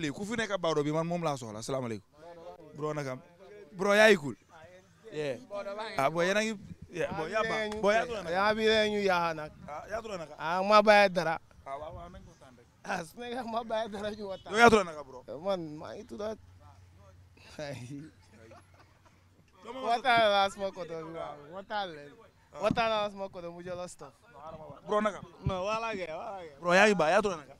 appelé ku fi nekk Bawdo bi man moom laa soxla asalaamaaleykum. nakam bro ah, a ngi. yaa ba boo yaa tura yaa ah, tura naka. ah ma bàyyi dara. ah waaw waaw nañ ko tànn rek. ah su nekkee ma bàyyi dara ñu ah. stop. bro naka. non yaa ngi yaa tura naka.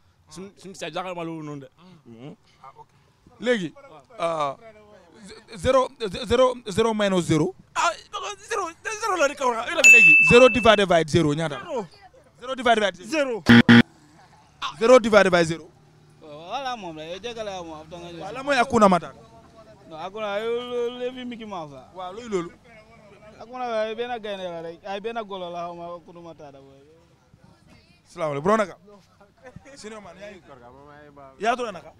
suñ suñu saa jaaxal ma loolu noonu de. Hmm. Ah, léegi. Euh, zéro zéro zéro minus zéro. ah zéro zéro la di kaw la léegi. zéro divided by zéro ñaata. zéro divided by zéro. ah zéro divided by zéro. voilà moom la yow jégale moom ab danga. waaw lan mooy akuna mata. non akuna yow léegi mi ki ma fa. waaw loolu loolu. akuna waaye benn gaynde la rek ay benn golo la xaw ma akuna mata da booy. salaamaaleykum bro naka. Sinon man yaa tura naka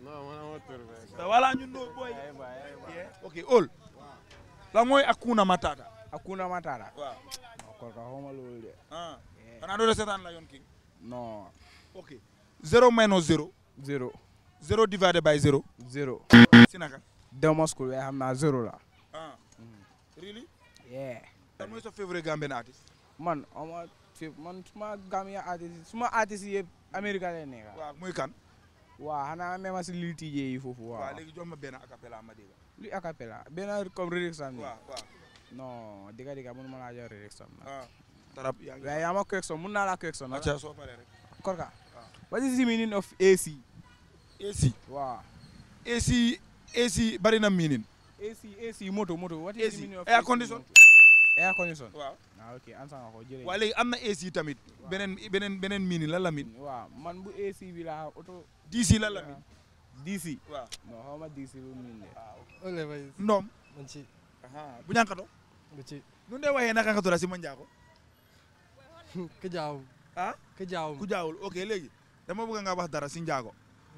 wala ñun do boy ok all la ngoy akuna matata akuna matata waaw korka xawma loolu de ah ana do seetaan la yoon king non ok 0 minus 0 0 divided by 0 0 si naka demo school we xam naa la ah mm. really yeah kan mooy sa man fépp man suma Gambia artiste suma artiste yëpp Amérique lay nekk. muy kan. waaw xanaa même si li tijjee yi foofu waaw. léegi jox ma benn acapella ma dégg. li acapella benn comme Rix Sam. waaw waaw non dégg nga laa jox Rix Sam. waaw Korka. Ah. what is the meaning of AC. AC. waaw. AC AC bari na meaning. AC AC moto moto. what is the meaning of AC air condition. air condition waaw ah am na AC tamit beneen beneen beneen miini la lamin waaw man bu AC bi laa oto DC la lamin DC waaw non xaw ma DC lu miin ah, man ci bu ñankato bu ci nu waxee naka nga tura ma njaako ku jaawul ah ku jaawul ku jaawul ok léegi dama bëgg nga wax dara si njaago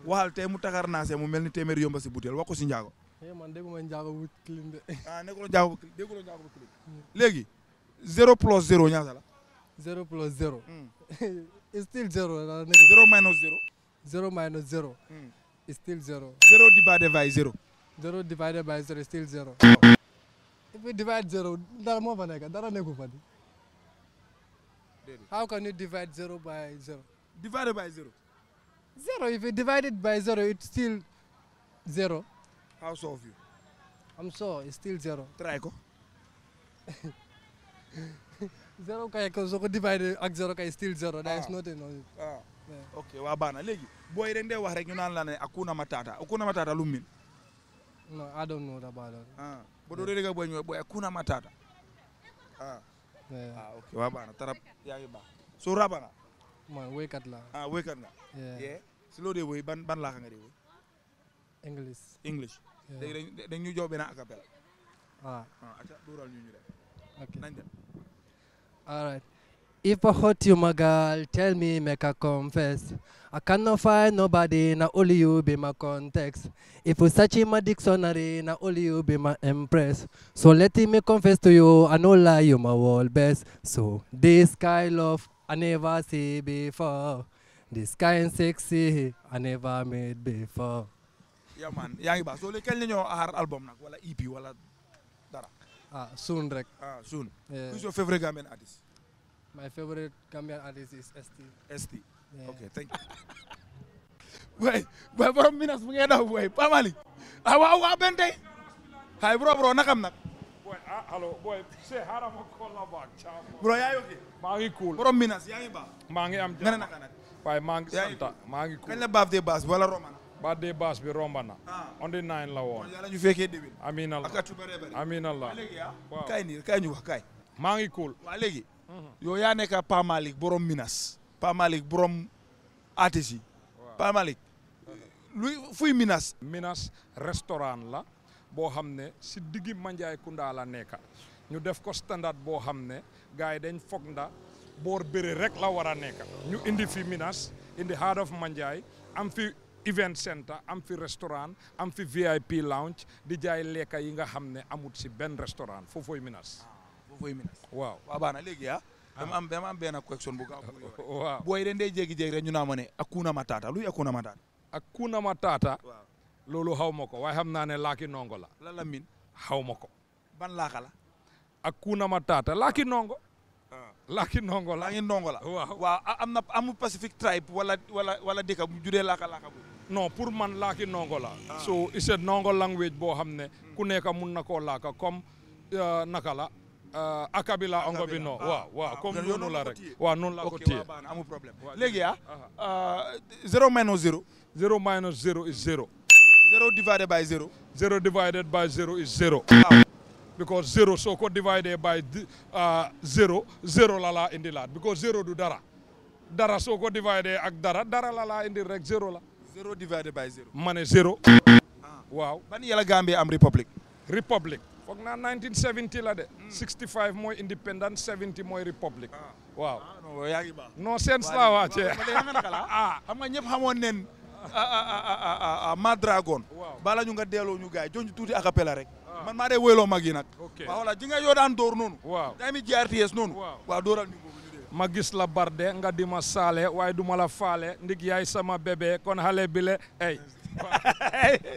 waxal tey mu takar naasee mu mel ni téeméer yomba si butéel wako ko si njaago eh man déggu ma Ndiago bu clean de. ah nekkuloo Ndiago bu clean déggu loo Ndiago bu clean. Hmm. léegi zéro plus zero ñaata la. zéro plus zéro. Hmm. still zero la nekk. zéro minus zero zero minus zéro. Hmm. still zero zero divided by zero zero divided by zéro still zero if you divide zero, dara moo fa nekk dara nekku fa di. How can you divide zero by zero? Divided by zero. Zero. If you divide it by zero, it's still zero. How so of you? I'm sure it's still zero. Try ko. zero kaya ko so ko divide ak zero kaya still zero. ah. is nothing on it. Ah. Yeah. Okay, wa bana legi boy den de wax rek ñu naan la ne akuna matata. Akuna matata lu min? No, I don't know about that. Ah. Bo do rega boy ñu boy akuna matata. Ah. Yeah. Ah, okay. Wa bana tarap ya ngi ba. So rabana. Man way kat la. Ah, way kat nga. Yeah. Yeah. Si lo de woy ban ban la nga de woy? English. English. dañ ñu jox benn acapella ñu ñu nañ dem all right If I hurt you, my girl, tell me, make I confess. I cannot find nobody, now only you be my context. If you search in my dictionary, now only you be my empress. So let me confess to you, I no lie, you my world best. So this kind love I never see before. This kind sexy I never made before. yeah man yaa ngi baax soo ñoo album nag wala EP wala dara. ah soon rek. ah soon. Eh. who is your favorite Gambian artist? my favorite Gambian artist is ST. ST. Yeah. okay thank you. boy boy borom Minas bu ngeen daw boy Pape Malick ah waaw waaw benn bro bro nakam nak. boy ah allo boy se xaaral ma call la bro yaa ngi okay. maa ngi cool borom Minas yaa ngi baax. ngi am jàmm nga ne naka nag. ngi ya, sant ngi cool. la de baas wala romana. ba dee baas bi romba na ah. ondi nine la woon ñu fekkee déwén amiin Allah ak amiin Allah ah. waaw nii kaay ñu wax kaay maa ngi kuul waa léegi mhm. yaa nekk Pa Malick borom Minas Pa Malick borom artiste yi Pa Malick luy fuy Minas Minas restaurant la boo xam ne si diggi Manjaay Kunda la nekk ñu def ko standard boo xam ne gars yi dañ foog nda boor bëri rek la war a nekk ñu indi fi Minas indi heart of Manjaay am fi event center am fi restaurant am fi VIP lounge di jaay lekka yi nga xam ne amut si benn restaurant foofoy Minas. Ah, foofoy waaw. waaw baax na ah. Ah. benn bu gaaw. waaw booy den dee jékki-jékki rek ñu naa ma ne Hakuna Matata luy Hakuna Matata. Hakuna Matata. waaw loolu xaw ma ko waaye xam naa ne laaki nongo la. lan la min ko. ban laaka la. Hakuna Matata laaki nongo. laaki nongo la laaki nongo la. waaw waaw am Pacific tribe wala wala judee laaka laaka bu. non pour man laaki nongo la so it's a nongo language boo xam ne ku nekk mun na koo laaka comme euh, naka la euh, akabila ongo bi non ah, waa waaw comme noonu la rek waaw noonu la ko téye amul problème léegi ah, ah, euh, minus zéro zéro minus zéro is zéro divided by zéro zéro divided by zéro is zéro soo ko divided by zéro zéro la laa indi laat because zéro du dara dara soo ko divided ak dara dara la laa indi rek zéro la zéro divided by ma ne zéro. Ah. waaw ban yàlla Gambie am république. république foog naa 1970 la de. 65 hmm. mooy indépendance 70 mooy république. Ah. waaw ah, non yaa ngi baax. non seen la a cee. ah xam nga ñëpp xamoon neen Madragon. waaw bala ñu nga delloo ñu gars yi joñ tuuti rek. man maa dee wéyloo mag yi nag. ok door noonu. waaw daa mi GRTS noonu. waaw dooral ñu ma gis la barde nga di saale waaye duma la faale ndig yaay sama bébé kon xale bi ey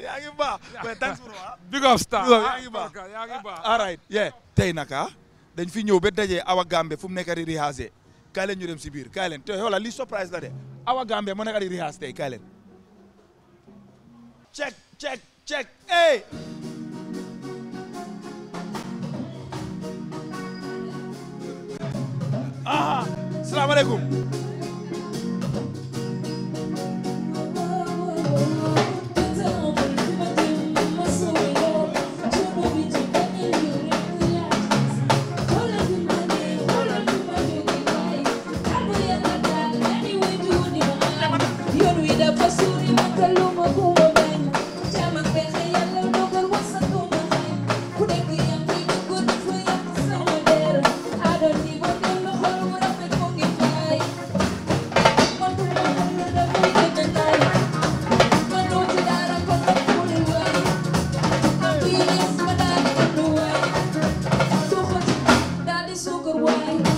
yaa ngi baax thanks bro ah. ah, yaa ngi baax yaa ngi baax all right yeah ah, dañ fi ñëw ba dajee Awa Gambe fu mu nekk di rehearse ñu dem si biir kaay leen te surprise la de Awa Gambe mu nekk di rehearse tey kaay check check check ey ah salaamaaleykum so good way.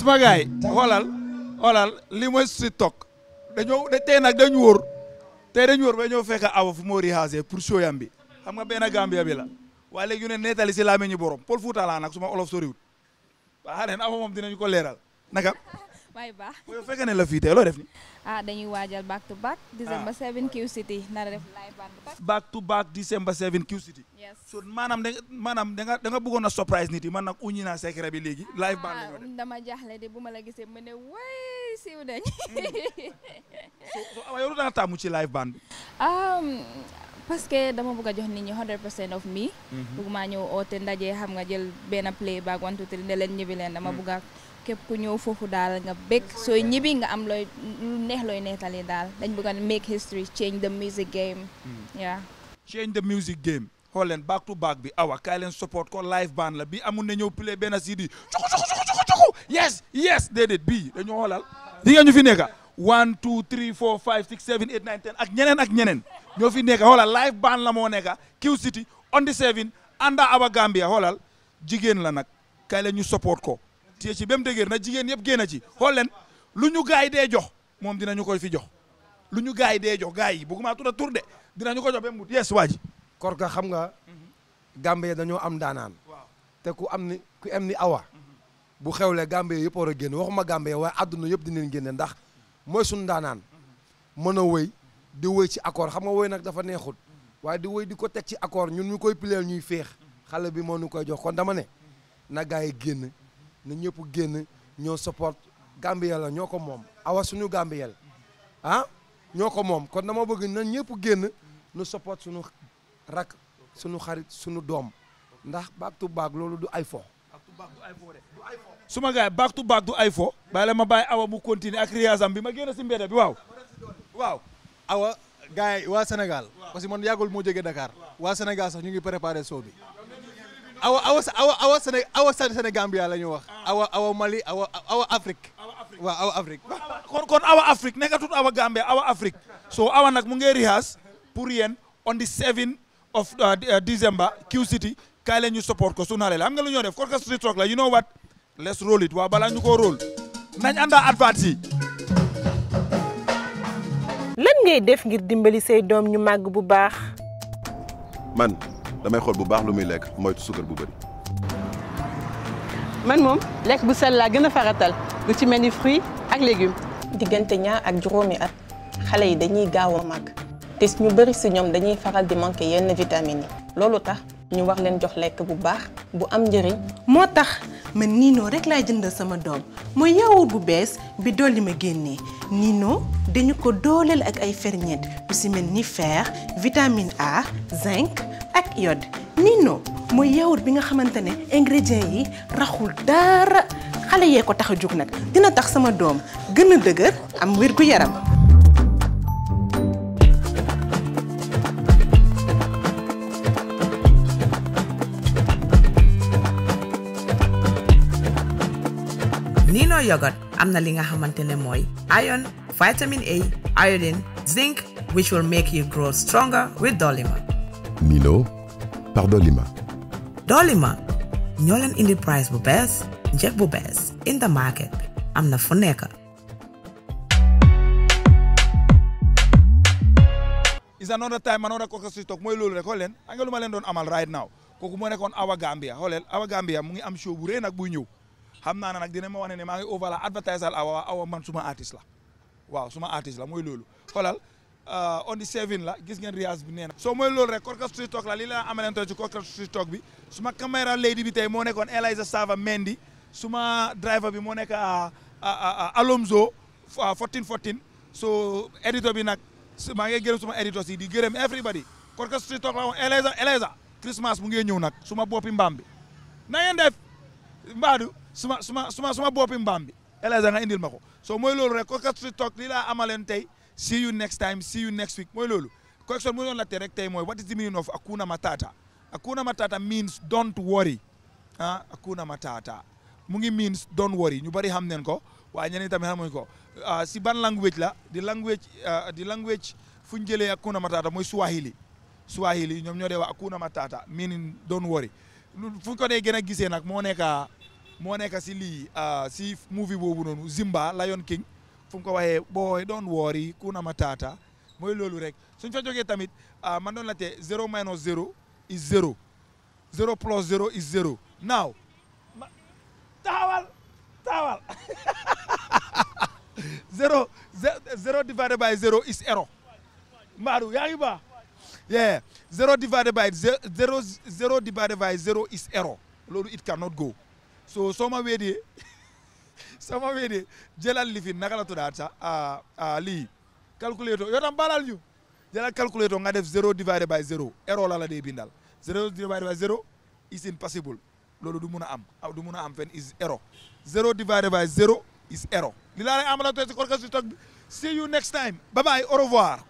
suma gars yi xoolal xoolal li mooy si talk dañoo tey nag dañu wóor tey dañu wóor ba ñëw fekk awa fu moo rihaase pour show yam bi xam nga benn gambi bi la waaye léegi ñu si laa meññi borom Pël Fuuta laa nag suma olof soriwut waa xaneen awa moom dinañu ko leeral naka may baax yow fekkee la fii tey def ni ah dañuy back to back December 7 ah. Q City nara def live band back to back December 7 Q City yes so da nga surprise nit yi man uñi secret bi live band def dama de bu la so ci live band Um, parce que dama bëgg jox nit ñi 100% of me. Mhm. Oh, play back one ne leen leen képp ku ñëw foofu daal nga bég sooy ñibbi nga am looy neex looy nettali daal dañ bëgg a make history change the music game hmm. yeah change to back bi awa kaay leen support ko live band la bi amul ne ñëw play benn CD cuxu cuxu cuxu cuxu yes yes déedéet bii dañu xoolal ñu fi nekka one two three four five ak ñeneen ak ñeneen ñoo fi nekka xoolal live band la moo nekka Q City on the seven anda awa Gambia xoolal jigéen la nag kaay leen ñu support ko téye ci ba mu dëgër na jigéen yëpp génna ci xool leen lu ñu gaay dee jox moom dinañu koy fi jox lu ñu gaay dee jox gaay yi bëgguma tudd tur de dinañu ko jox ba mu yes waa ji kor ka xam nga Gambie dañoo am daanaan te ku am ni ku am ni awa bu xew xewlee Gambie yëpp war a génn waxuma Gambie waaye àdduna yëpp dina génne ndax mooy suñu daanaan mën a wëy di wëy ci accord xam nga wëy nag dafa neexut waaye di wëy di ko teg ci accord ñun ñu koy pileel ñuy feex xale bi moo nu koy jox kon dama ne na gars yi génn na ñëpp génn ñoo support Gambiel la ñoo ko moom awa suñu Gambiel ah ñoo ko moom kon dama bëgg na ñëpp génn nu support suñu rak suñu xarit suñu doom ndax back to back loolu du ay fo suma gars yi back to back du ay fo bàyyi la ma bàyyi awa mu continuer ak riyaasam bi ma génn si mbedd bi waaw waaw awa gars yi waa Sénégal parce man yàggul moo jege Dakar waa Sénégal sax ñu ngi préparé show bi awa awa awa awa Séné awa Sénégambia Gambia ñu wax. Ah. awa awa Mali awa awa Afrique. awa Afrique awa Afrique. kon kon awa Afrique nekkatut awa Gambia awa Afrique so awa nak mu ngi rehearse pour yéen on the 7 of uh, uh, December Q City kaay leen support ko suñu xale la xam nga lu ñoo def kon ka street rock la you know what let's roll it waaw balaa ñu ko roll nañ àndaa advert yi. lan ngay def ngir dimbali say doom ñu màgg bu baax. man. damay xool bu baax lu muy lekk moytu suukar bu bëri. man moom lekk bu sell laa gën a faratal lu ci mel ni fruits ak légumes. diggante ñaar ak juróomi at xale yi dañuy gaaw a màgg te ñu bëri si ñoom dañuy faral di manqué yenn vitamines yi loolu tax ñu war leen jox lekk bu baax bu am njëriñ. moo tax man Nino rek laay jëndal sama doom mooy yaawur bu bees bi dolli ma génnee Nino dañu ko dooleel ak ay ferñeent bu si mel ni fer vitamine A zinc. ak iode nino moy yaawur bi nga xamantene ne ingrédients yi raxul dara xalé ye ko taxaju nak dina tax sama dom gëna a am wér gu yaram Nino yogurt am li nga xamantene moy iron vitamin A iodine zinc which will make you grow stronger with Dolima Milo par Dolima. Dolima ñoo indi price bu bees njëg bu bees in the am na fu nekk. is another time another caucus talk mooy loolu rek xool leen xam nga lu ma leen doon amal right now kooku moo nekkoon Awa Gambia xooleel Awa Gambia mu ngi am show bu rëy nag buy ñëw xam naa ne nag dina ma wane maa ngi ovala advertisal Awa Awa man suma artiste la waaw suma artiste la mooy loolu xoolal. Euh, on the seven la gis ngeen riage bi nee na soo mooy loolu rek Korka Street Talk la lii la amalantoo ci Korka Street Talk bi suma caméra lady bi tey moo nekkoon Eliza Sava Mendy suma driver bi moo nekk ah, ah, ah, Alonso 14 14 so bi nag maa ngi gërëm suma édito si di gërëm everybody Korka Street Talk la woon Eliza Christmas mu ngi ñëw nag suma boppi mbaam bi na ngeen def mbaadu suma suma suma suma mbaam bi Eliza nga indil ma ko soo mooy loolu rek Korka Street Talk lii laa amaleen tey see you next time see you next week mooy loolu correction mu doon la terek rek moi. mooy what is the meaning of akuna matata akuna matata means don't worry ah akuna matata mu ngi means don't worry ñu bari xam neen ko waaye ñeneen tamit xamuñ ko ah, si ban language la di language ah, di language fuñ ñu akuna matata mooy swahili swahili ñoom ñoo dee akuna matata meaning don't worry fu ñu ko dee gëna a gisee nag moo nekk moo nekk si lii ah, si movie boobu noonu zimba Lion King fu mu ko waxee booy doon woor yi kuna matata mooy loolu rek suñ fa jógee tamit ah, man doon la te zero minus zero is zero plus zero is zero now taxawal taxawal zero zero divided by zero is zero Madou yaa ngi baax yeah zero divided by zero zero divided by is zero loolu it cannot go so soo ma weedee sama wéede jëlal li fi naka la tuddaat sax ah, ah, lii calculer to yoo tam balal ñu nga def zéro dividé by zéro erreur la la dee bindal zéro dividé by zéro is impossible loolu du mun a am ah, du mun a am fenn is error zéro dividé by zéro is error li laa lay amala to si korka si toog bi see you next time bye bye au revoir